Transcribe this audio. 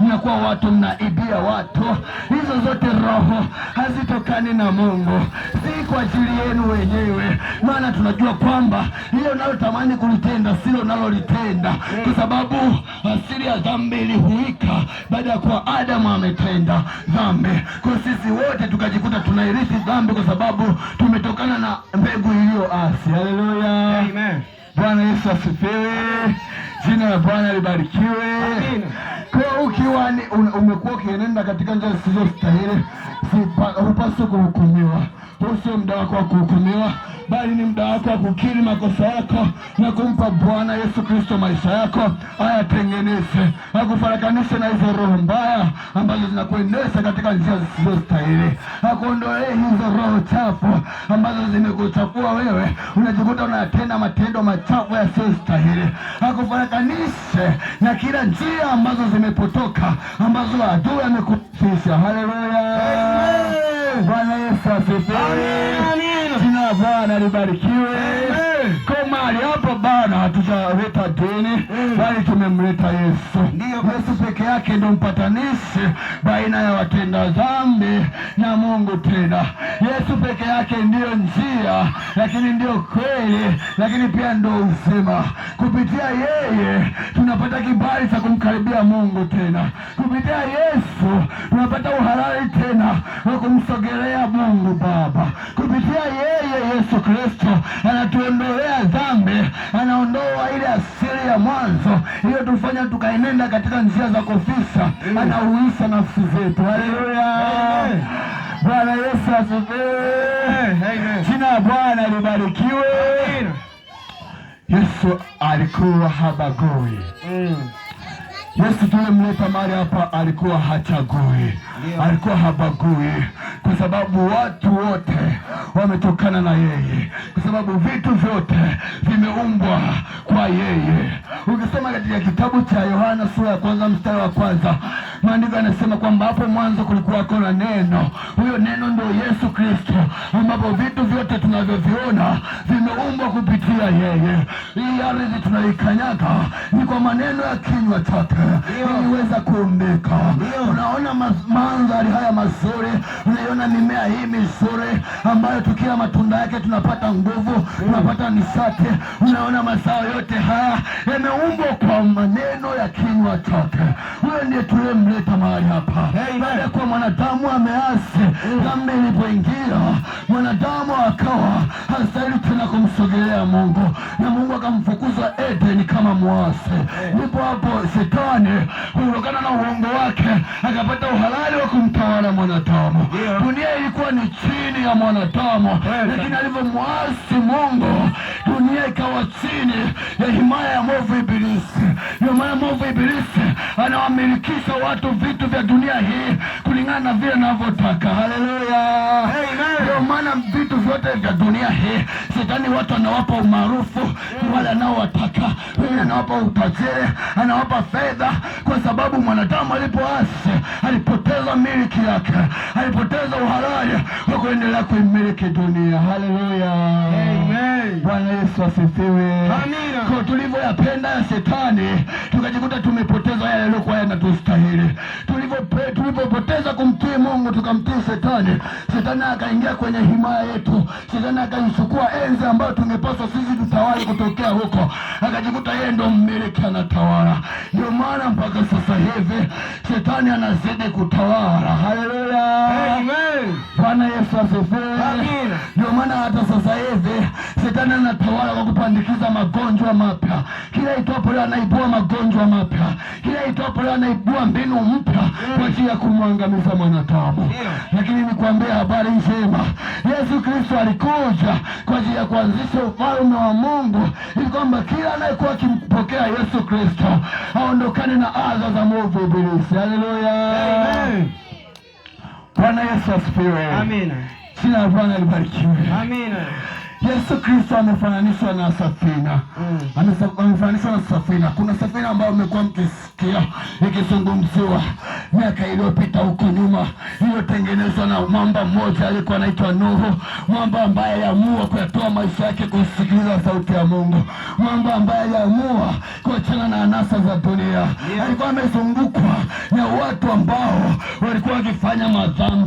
mnakuwa watu mnaibia watu. Hizo zote roho hazitokani na Mungu, si kwa ajili yenu wenyewe, maana tunajua kwamba hiyo nalotamani kulitenda silo nalolitenda, kwa sababu asili ya dhambi ilihuika baada ya kuwa Adamu ametenda dhambi. Kwa sisi wote tukajikuta tunairithi dhambi kwa sababu tumetokana na mbegu asi. Haleluya, amen. Bwana Yesu asifiwe. Jina la Bwana libarikiwe. Amen. Ikiwa umekuwa ukienenda katika njia zisizostahili, hupaswi kuhukumiwa huu sio muda wako wa kuhukumiwa, bali ni muda wako wa kukiri makosa yako na kumpa Bwana Yesu Kristo maisha yako. Ayatengeneze, akufarakanishe na hizo roho mbaya ambazo zinakuendesha katika njia zisizostahili, akuondolee hizo roho chafu ambazo zimekuchafua wewe, unajikuta unatenda matendo machafu yasiyostahili. Akufarakanishe na kila njia ambazo zimepotoka ambazo adui amekufisha. Haleluya! Bwana Yesu asifiwe. Jina la Bwana libarikiwe. Koma hapo hatujaleta dini mm. bali tumemleta Yesu. Yesu peke yake ndio mpatanishi baina ya watenda dhambi na Mungu. Tena Yesu peke yake ndiyo njia, lakini ndiyo kweli, lakini pia ndio uzima. Kupitia yeye tunapata kibali cha kumkaribia Mungu tena. Kupitia Yesu tunapata uhalali tena wa kumsogelea Mungu Baba. Kupitia yeye Yesu Kristo anatuondolea ya mwanzo iliyotufanya tukaenenda katika njia za kufisha, eh. anauisha nafsi zetu. Haleluya, Bwana Yesu asifiwe. Eh, Jina ya Bwana libarikiwe. Yesu alikuwa habagui mm. Yesu tulimleta mari hapa, alikuwa hachagui, alikuwa habagui sababu watu wote wametokana na yeye, kwa sababu vitu vyote vimeumbwa kwa yeye. Ukisoma katika kitabu cha Yohana sura ya kwanza mstari wa kwanza Maandiko yanasema kwamba hapo mwanzo kulikuwa na neno, huyo neno ndio Yesu Kristo, ambapo vitu vyote tunavyoviona vimeumbwa kupitia yeye. Hii ardhi tunaikanyaga ni kwa maneno ya kinywa chake iliweza kuumbika. Unaona mandhari haya mazuri, unaiona mimea hii mizuri ambayo tukila matunda yake tunapata nguvu, tunapata nishati. Unaona mazao yote haya yameumbwa kwa maneno ya kinywa chake wewe ndiye tuliyemleta mahali hapa baada ya kuwa mwanadamu ameasi dhambi ilipoingia mwanadamu akawa hastahili tena kumsogelea Mungu na Mungu akamfukuza Edeni kama mwasi. Ndipo hapo shetani kutokana na uongo wake akapata uhalali wa kumtawala mwanadamu. Dunia ilikuwa ni chini ya mwanadamu, lakini alivyomwasi Mungu dunia ikawa chini ya himaya ya mwovu Ibilisi. Himaya ya mwovu Ibilisi anawamilikisha watu vitu vya dunia hii kulingana na vile anavyotaka. Haleluya, ndio maana vitu vyote vya dunia hii shetani watu anawapa umaarufu wale anaowataka, wengine anawapa utajiri, anawapa fedha, kwa sababu mwanadamu alipoasi alipoteza miliki yake, alipoteza uhalali wa kuendelea kuimiliki dunia. Haleluya. Yesu asifiwe. Amina. Kwa tulivyoyapenda ya shetani tukajikuta tumepoteza yale yaliyokuwa yanatustahili. Tulivyo Tulipopoteza kumtii Mungu tukamtii shetani, shetani akaingia kwenye himaya yetu, shetani akaichukua enzi ambayo tungepaswa sisi tutawali kutokea huko, akajikuta yeye ndo mmiliki anatawala. Ndio maana mpaka sasa hivi shetani anazidi kutawala. Haleluya, amen. Bwana Yesu asifiwe. Amina. Ndio maana hata sasa hivi shetani anatawala kuandikiza magonjwa mapya. Kila itwapo leo anaibua magonjwa mapya, kila itwapo leo anaibua mbinu mpya kwa ajili ya kumwangamiza mwanadamu. Lakini nikuambia habari njema, Yesu Kristo alikuja kwa ajili ya kuanzisha ufalme wa Mungu, ili kwamba kila anayekuwa akimpokea Yesu Kristo aondokane na adha za mwovu Ibilisi. Haleluya, Bwana Yesu asifiwe. Amina. Jina la Bwana libarikiwe. Amina. Yesu Kristo amefananishwa na safina mm. amefananishwa na safina. Kuna safina ambayo umekuwa mkisikia ikizungumziwa miaka iliyopita huko nyuma, iliyotengenezwa na mwamba mmoja alikuwa anaitwa Nuhu, mwamba ambaye aliamua kuyatoa maisha yake kusikiliza sauti ya Mungu, mwamba ambaye aliamua kuachana na anasa za dunia yeah. alikuwa amezungukwa na watu ambao walikuwa wakifanya madhambi